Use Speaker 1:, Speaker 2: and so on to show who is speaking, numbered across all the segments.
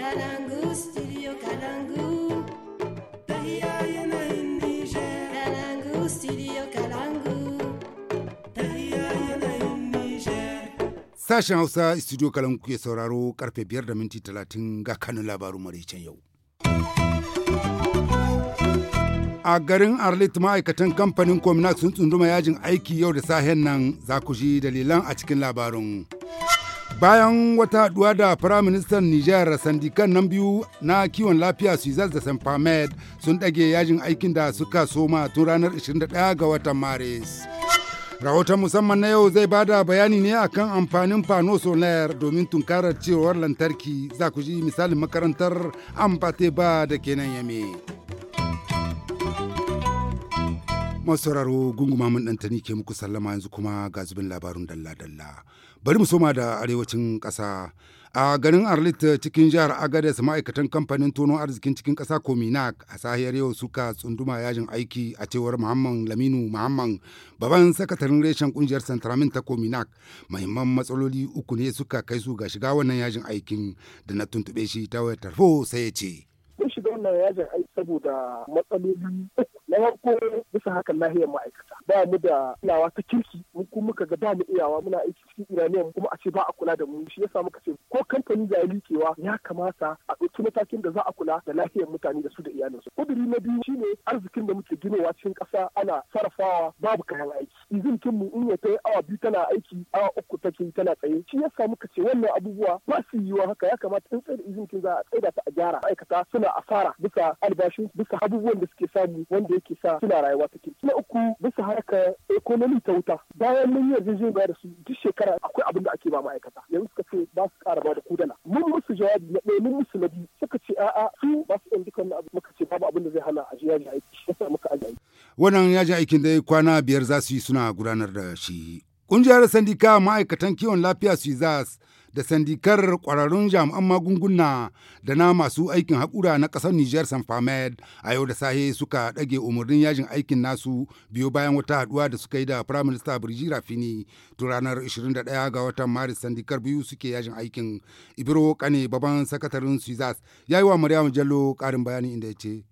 Speaker 1: Kalangu,
Speaker 2: Sashen Hausa studio Kalangu ke sauraro karfe biyar da minti talatin ga kanun labarun maraicen yau. a garin arlit ma'aikatan kamfanin cominac sun tsunduma yajin aiki yau da sahen nan za ji dalilan a cikin labarun. bayan wata haɗuwa da firaministan nijar sandikan nan biyu na kiwon lafiya suizas da sanfamed sun ɗage yajin aikin da suka soma tun ranar 21 ga watan maris rahoton musamman na yau zai bada bayani ne akan amfanin fano solar domin tunkarar cewar lantarki za ku ji misalin makarantar an ba da kenan yame. masu sauraro gunguma mun ni ke muku sallama yanzu kuma ga zubin labarin dalla-dalla bari mu soma da arewacin ƙasa a garin arlit cikin jihar agades ma'aikatan kamfanin tono arzikin cikin ƙasa kominak a sahiyar yau suka tsunduma yajin aiki a cewar muhammad laminu muhammad baban sakatarin reshen kungiyar santramin ta kominak mahimman matsaloli uku ne suka kai su ga shiga wannan yajin aikin da na tuntuɓe shi ta wayar tarho sai ya ce
Speaker 3: wannan yajin aiki saboda matsaloli na farko bisa hakan nahiyar ma'aikata ba mu da kulawa ta kirki mu kuma muka ga ba mu iyawa muna aiki cikin iraniyan kuma a ce ba a kula da mu shi yasa muka ce ko kamfani da ya ya kamata a ɗauki matakin da za a kula da lafiyar mutane da su da iyalinsu kuduri na biyu shine arzikin da muke ginowa cikin ƙasa ana sarrafawa babu kayan aiki izin mu in ya kai awa biyu tana aiki awa uku take tana tsaye shi yasa muka ce wannan abubuwa ba su yiwuwa haka ya kamata in tsaye da izin za a tsaida ta a gyara ma'aikata suna asara bisa albashin bisa abubuwan da suke samu wanda yake sa suna rayuwa ta ke. na uku bisa harkar ekonomi ta wuta bayan mun yi yarjejeniya da su duk shekara akwai abin da ake ba ma'aikata yanzu suka ce ba su kara ba da kudana mun musu jawabi na ɗaya mun musu na biyu suka ce a'a su ba su ɗan dukkan abu muka ce babu abin
Speaker 2: da zai hana a ji yaji aiki ya sa muka aji aiki. wannan yaji aikin dai kwana biyar za su yi suna gudanar da shi. Ƙungiyar Sandika ma'aikatan kiwon lafiya su yi za da sandikar kwararrun jami'an magunguna da na masu aikin haƙura na ƙasar Nijar Sanfamed a yau da sahe suka ɗage umarnin yajin aikin nasu biyu bayan wata haɗuwa da suka yi da Prime Minister Birji Rafini tun ranar 21 ga watan Maris sandikar biyu suke yajin aikin. Ibro Kane baban sakataren Suizas ya yi wa Maryam Jallo ƙarin bayani inda ya ce.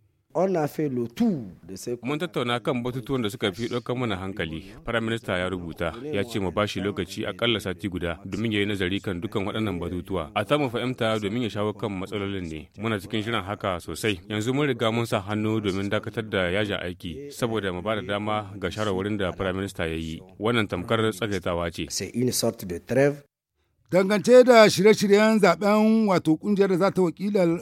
Speaker 1: Mun tattauna kan batutuwan da suka fi ɗaukar mana hankali. Firaminista ya rubuta ya ce mu bashi lokaci a akalla sati guda domin ya yi nazari kan dukkan waɗannan batutuwa. A samu fahimta domin ya shawo kan matsalolin ne. Muna cikin shirin haka sosai. Yanzu mun riga mun sa hannu domin dakatar da yajin aiki saboda mu ba da dama ga shawarwarin da firaminista ya yi. Wannan tamkar tsagaitawa ce.
Speaker 2: Dangance da shirye-shiryen zaben wato kungiyar da za ta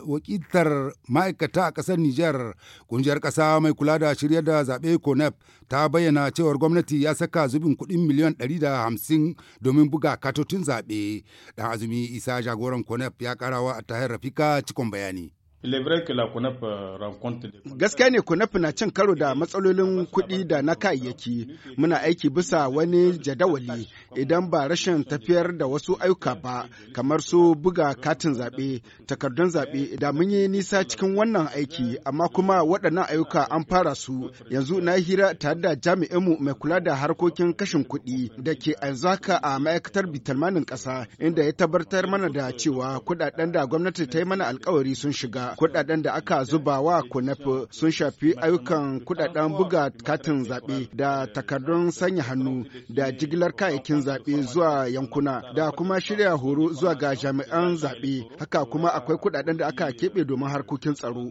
Speaker 2: wakiltar ma'aikata a ƙasar Nijar, kungiyar ƙasa mai kula da shirye da zaɓe CONEP ta bayyana cewar gwamnati ya saka zubin kuɗin miliyan 150 domin buga katotin zaɓe. Ɗan azumi Isa jagoran CONEP ya ƙarawa a tahir Rafika cikon bayani.
Speaker 1: Euh,
Speaker 3: Gaskiya ne kunaf na cin karo da matsalolin kuɗi da na kayayyaki. Muna aiki bisa wani jadawali idan ba rashin tafiyar da wasu ayyuka ba, kamar su buga katin zaɓe, takardun zaɓe, da mun yi nisa cikin wannan aiki, amma kuma waɗannan ayyuka an fara su. Yanzu na hira tare da jami'inmu mai kula da harkokin kashin kuɗi da ke yanzu haka a ma'aikatar bitalmanin ƙasa, inda ya tabbatar mana da cewa kuɗaɗen da gwamnati ta yi mana alkawari sun shiga. kudaden da aka zuba wa kunaf sun shafi ayyukan kudaden buga katin zaɓe da takardun sanya hannu da jigilar kayayyakin zaɓe zuwa yankuna da kuma shirya horo zuwa ga jami'an zaɓe haka kuma akwai kudaden da aka keɓe domin harkokin tsaro.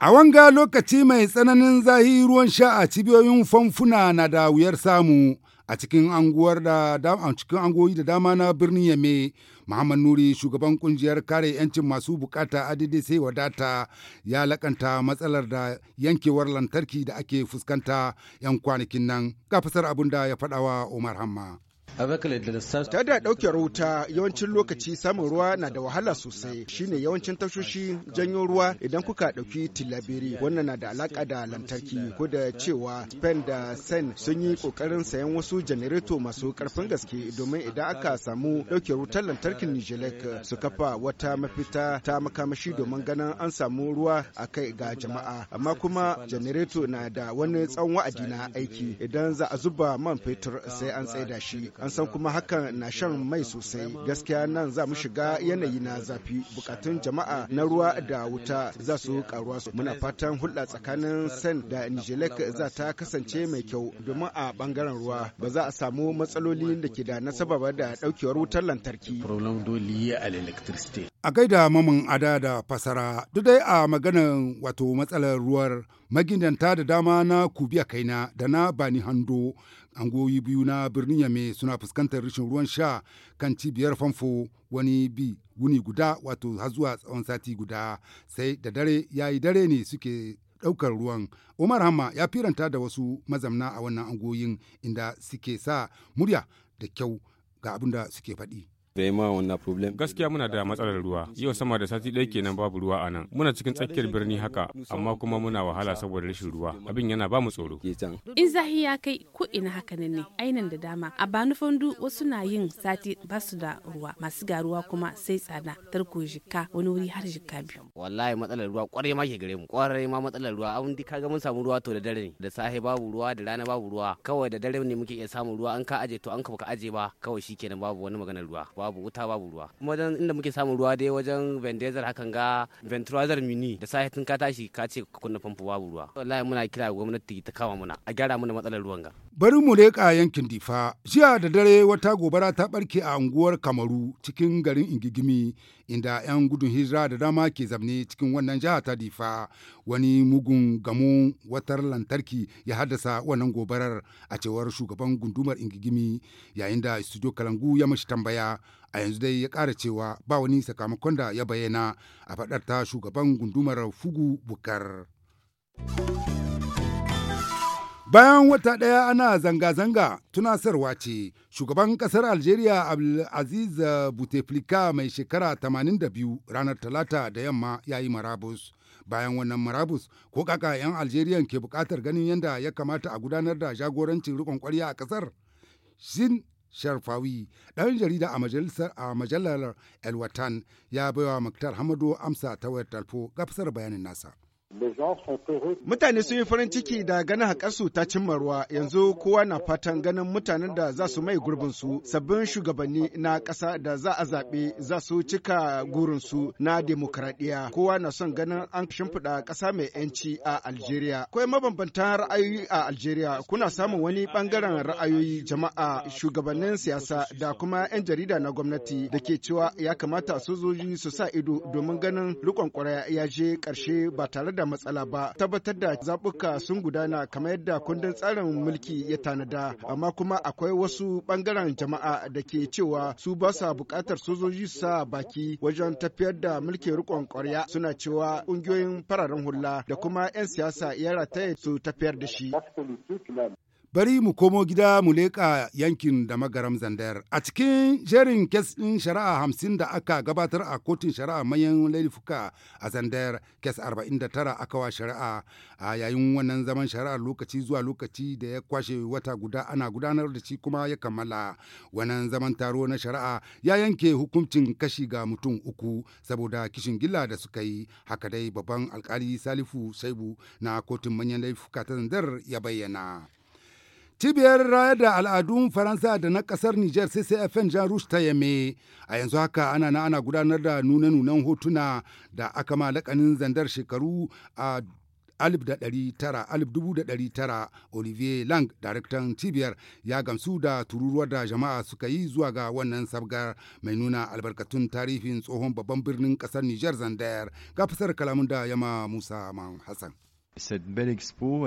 Speaker 2: A wanga lokaci mai tsananin zahi ruwan sha a cibiyoyin famfuna na da wuyar samu, a cikin anguwar da a cikin angoyi da dama na birnin yame muhammad nuri shugaban kungiyar kare yancin masu bukata adidi sai wadata ya lakanta matsalar da yankewar lantarki da ake fuskanta yan kwanakin nan ga fasar abin da ya faɗawa umar hamma
Speaker 3: Ta da ɗauke wuta yawancin lokaci samun ruwa na da wahala sosai shine yawancin tashoshi janyo ruwa idan kuka ɗauki tilabiri wannan na da alaƙa da lantarki ko da cewa Spain da Sen sun yi ƙoƙarin sayan wasu janareto masu ƙarfin gaske domin idan aka samu ɗauke wutar lantarkin Nijelek su kafa wata mafita ta makamashi domin ganin an samu ruwa a kai ga jama'a amma kuma janareto na da wani tsawon wa'adi na aiki idan za a zuba man fetur sai an tsaida shi an san kuma hakan na shan mai sosai gaskiya nan za mu shiga yanayi na zafi bukatun jama'a na ruwa da wuta za su karuwa su muna fatan hulɗa tsakanin sen da nijelek za ta kasance mai kyau domin a bangaren ruwa ba za a samu matsaloli da ke da nasaba ba da ɗaukewar wutar lantarki
Speaker 2: a gaida mamin ada da fasara duk dai a maganar wato matsalar ruwar magidanta da dama na kubiya kaina da na bani hando angoyi biyu na birnin yame suna fuskantar rashin ruwan sha kan cibiyar famfo wani bi wuni guda wato har zuwa tsawon sati guda sai da dare ya yi dare ne suke ɗaukar ruwan umar hamma ya firanta da wasu mazamna a wannan angoyin inda suke sa murya da kyau ga abin da suke faɗi.
Speaker 1: Gaskiya muna da matsalar ruwa. Yau sama da sati ɗaya kenan babu ruwa a nan. Muna cikin tsakiyar birni haka, amma kuma muna wahala saboda rashin ruwa. Abin yana ba mu tsoro.
Speaker 3: In zahi ya kai ko ina haka nan ne, ainin da dama. A Banu Fondu wasu na yin sati basu da ruwa, masu garuwa kuma sai tsada, tarko jikka
Speaker 1: wani wuri har jikka biyu. Wallahi matsalar ruwa kwarai ma ke gare mu. Kwarai ma matsalar ruwa. Abin da kaga mun samu ruwa to da dare ne. Da safe babu ruwa, da rana babu ruwa. Kawai da dare ne muke iya samun ruwa. An ka aje to an ka baka aje ba. Kawai shikenan babu wani maganar ruwa. babu wuta babu ruwa kuma wajen inda muke samun ruwa dai wajen vendezar hakan ga ventrazer mini da sai tun ka tashi ka ce kunna famfo babu ruwa wallahi muna kira gwamnati ta kama muna a gyara muna matsalar ruwan ga
Speaker 2: Bari mu leƙa yankin Difa. Jiya da dare wata gobara ta ɓarke a unguwar Kamaru cikin garin Ingigimi inda 'yan gudun hijira da dama ke zamne cikin wannan jiha ta Difa. Wani mugun gamo watar lantarki ya haddasa wannan gobarar a cewar shugaban gundumar Ingigimi yayin da studio Kalangu ya mashi tambaya a yanzu dai ya ƙara cewa ba wani sakamakon da ya bayyana a faɗar shugaban gundumar Fugu Bukar. Bayan wata ɗaya ana zanga-zanga tunasarwa ce, shugaban ƙasar Algeria Abdulaziz Bouteflika mai shekara 82 ranar Talata da yamma ya yi marabus. Bayan wannan marabus, ko kaka 'yan Algeria ke buƙatar ganin yadda ya kamata a gudanar da jagorancin riƙon kwarya a ƙasar? Shin Sharfawi, ɗan jarida a majalar El Watan ya baiwa Muktar Hamadu amsa ta wayar talfo bayanin nasa. Mutane sun yi farin
Speaker 3: ciki da ganin haƙarsu ta cimma ruwa yanzu kowa na fatan ganin mutanen da za su mai gurbinsu sabbin shugabanni na ƙasa da za a zaɓe za su cika gurinsu na demokuraɗiyya. kowa na son ganin an shimfiɗa ƙasa mai 'yanci a Algeria. Akwai mabambantan ra'ayoyi a Algeria kuna samun wani ɓangaren ra'ayoyi jama'a shugabannin siyasa da kuma 'yan jarida na gwamnati da ke cewa ya kamata sojoji su sa ido domin ganin riƙon ya je ƙarshe ba tare da da matsala ba tabbatar da zaɓuka sun gudana kamar yadda kundin tsarin mulki ya tanada amma kuma akwai wasu ɓangaren jama'a da ke cewa su ba sa buƙatar sojoji sa baki wajen tafiyar da mulkin riƙon ƙwarya suna cewa ƙungiyoyin fararen hula da kuma 'yan siyasa ya rataye su
Speaker 2: tafiyar da shi. Bari mu komo gida mu leƙa yankin da magaram zandayar. A cikin jerin kes ɗin shari'a hamsin da aka gabatar a kotun shari'a manyan laifuka a zandayar kes arba'in da tara aka wa shari'a a yayin wannan zaman shari'a lokaci zuwa lokaci da ya kwashe wata guda ana gudanar da shi kuma ya kammala. Wannan zaman taro na shari'a ya yanke hukuncin kashi ga mutum uku saboda kishin gilla da suka yi haka dai babban alkali Salifu Shaibu na kotun manyan laifuka ta zandar ya bayyana. Cibiyar rayar da al'adun Faransa da na ƙasar Nijar CCFN Jean Rouge ta Yame, a yanzu haka ana na ana gudanar da nune-nunen hotuna da aka ma malakanin zandar shekaru a tara Olivier Lang, daraktan cibiyar ya gamsu da tururuwar da jama'a suka yi zuwa ga wannan sabgar mai nuna albarkatun tarihin tsohon babban birnin ƙasar niger Zandayar ga fasar kalamun da Yama Musa man Hassan.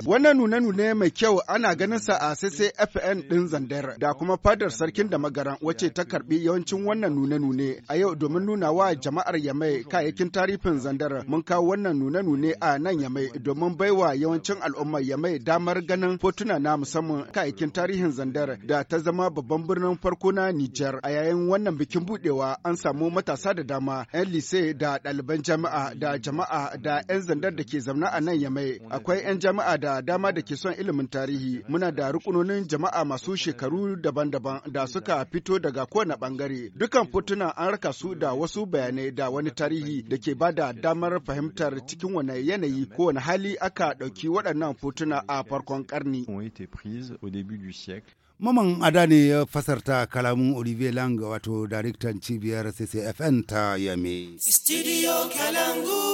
Speaker 3: Wannan nune-nune mai kyau ana ganin sa a CCFN ɗin Zandar da kuma fadar sarkin da magaran wace ta karbi yawancin wannan nune-nune a yau domin nuna wa jama'ar Yamai kayayyakin tarifin Zandar mun kawo wannan nune-nune a nan Yamai domin baiwa yawancin al'ummar Yamai damar ganin fotuna na musamman kayayyakin tarihin Zandar da ta zama babban birnin farko na Nijar a yayin wannan bikin budewa an samu matasa da dama 'yan lise da ɗaliban jami'a da jama'a da 'yan Zandar da ke zaune a nan Yamai akwai 'yan jama'a da dama da ke son ilimin tarihi. Muna da rukunonin jama'a masu shekaru daban-daban da suka fito daga kowane bangare. Dukan fotuna an raka su da wasu bayanai da wani tarihi da ke ba da damar fahimtar cikin wani yanayi ko wani hali aka ɗauki waɗannan fotuna a farkon karni.
Speaker 2: Maman ada ne ya fasarta kalamun Olivier Lang wato daraktan cibiyar CCFN ta Yame.
Speaker 1: Studio Kalangu.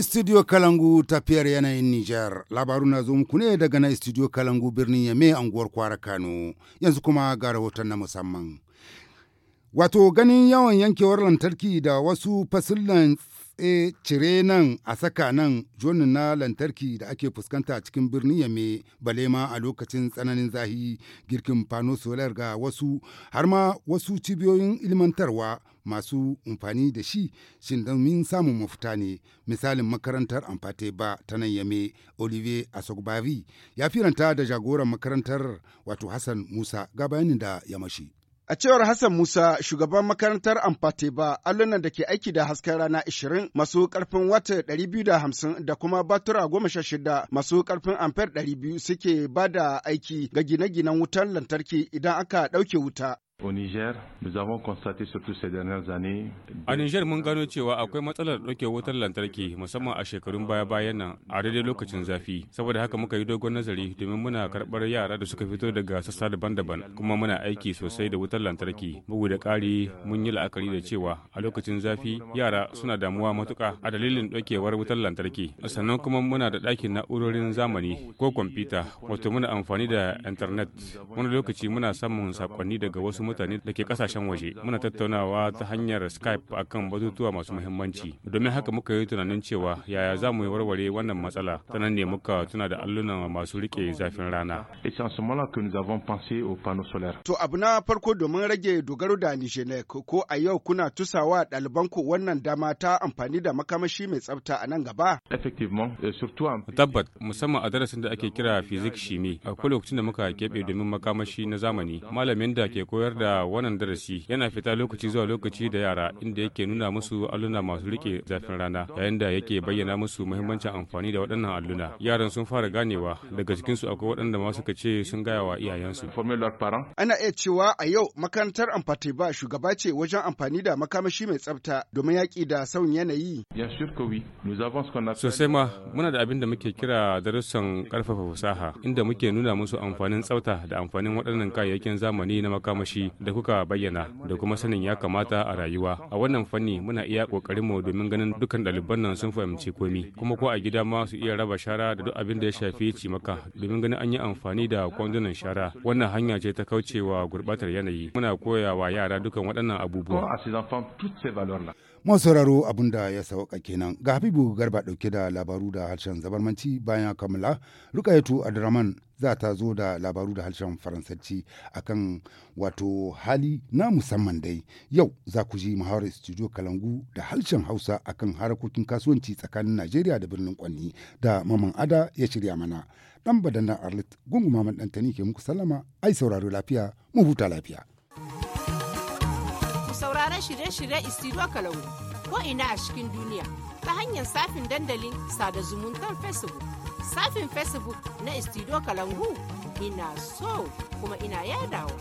Speaker 2: Studio Kalangu tafiyar yanayin Nijar labaru na zo muku ne daga na Studio Kalangu birnin Yame anguwar Kwara Kano yanzu kuma ga rahoton na musamman. Wato ganin yawan yankewar lantarki da wasu fasillan e cire nan a saka nan jonin na lantarki da ake fuskanta cikin birnin yame balema a lokacin tsananin zahi girkin fano solar ga wasu har ma wasu cibiyoyin ilmantarwa masu amfani da shi shin domin samun mafuta ne misalin makarantar amfate ba ta nan yame olivier asogbavi ya firanta da jagoran makarantar wato hassan musa ga bayanin da ya mashi. A cewar Hassan Musa, shugaban
Speaker 3: makarantar amfate ba allunan da ke aiki da hasken rana 20 masu karfin wata 250 da kuma batura 16 masu karfin amfer 200 suke ba da aiki ga gine-ginen wutar lantarki idan aka ɗauke wuta.
Speaker 1: A Niger mun gano cewa akwai matsalar ɗauke wutar lantarki musamman a shekarun baya-bayan nan a daidai lokacin zafi. Saboda haka muka yi dogon nazari domin muna karɓar yara da suka fito daga sassa daban-daban kuma muna aiki sosai da wutar lantarki. Bugu da ƙari mun yi la'akari da cewa a lokacin zafi yara suna damuwa matuƙa a dalilin ɗaukewar wutar lantarki. Sannan kuma muna da ɗakin na'urorin zamani ko kwamfuta wato muna amfani da intanet. Wani lokaci muna samun sakonni daga wasu mutane da ke kasashen waje muna tattaunawa ta hanyar skype akan batutuwa masu muhimmanci domin haka muka yi tunanin cewa yaya za mu yi warware wannan matsala ta nan ne muka tuna da alluna masu rike zafin rana to abu na farko domin rage dogaro da nijelek ko
Speaker 3: a yau kuna tusawa ɗalibanku wannan dama ta amfani da makamashi mai tsafta a nan gaba
Speaker 1: tabbat musamman a darasin da ake kira fizik shimi akwai lokacin da muka keɓe domin makamashi na zamani malamin da ke koyar koyar da wannan darasi yana fita lokaci zuwa lokaci da yara inda yake nuna musu alluna masu rike zafin rana yayin da yake bayyana musu muhimmancin amfani da waɗannan alluna. Yaran sun fara ganewa daga su akwai waɗanda ma suka ce sun gaya wa iyayensu.
Speaker 3: Ana iya cewa a yau makarantar amfati ba shugaba ce wajen amfani da makamashi mai tsafta domin yaƙi da sauyin yanayi.
Speaker 1: Sosai ma muna da abin da muke kira darussan karfafa fasaha inda muke nuna musu amfanin tsafta da amfanin waɗannan kayayyakin zamani na makamashi da kuka bayyana da kuma sanin ya kamata a rayuwa. A wannan fanni muna iya kokarin mu domin ganin dukkan ɗaliban nan sun fahimci komi kuma ko a gida ma su iya raba shara da duk abin da ya shafi cimaka domin ganin an yi amfani da kwandunan shara. Wannan hanya ce ta kaucewa gurbatar yanayi. Muna koya wa yara dukan waɗannan abubuwa.
Speaker 2: mun sauraro abin da ya sauka kenan ga habibu garba dauke da labaru da harshen zabarmanci bayan kammala rukayatu adraman za ta zo da labaru da harshen faransanci akan wato hali na musamman dai yau za ku ji muhawarar studio kalangu da harshen hausa akan harakokin kasuwanci tsakanin najeriya da birnin kwanni da maman ada ya shirya mana dan badan arlit gunguma man dantani ke muku sallama ai sauraro lafiya mu huta lafiya
Speaker 3: shirye-shirye istiro kalau ko ina a cikin duniya ta hanyar safin dandalin sada zumuntar facebook safin facebook na istiro kalangu ina so kuma ina yadawa.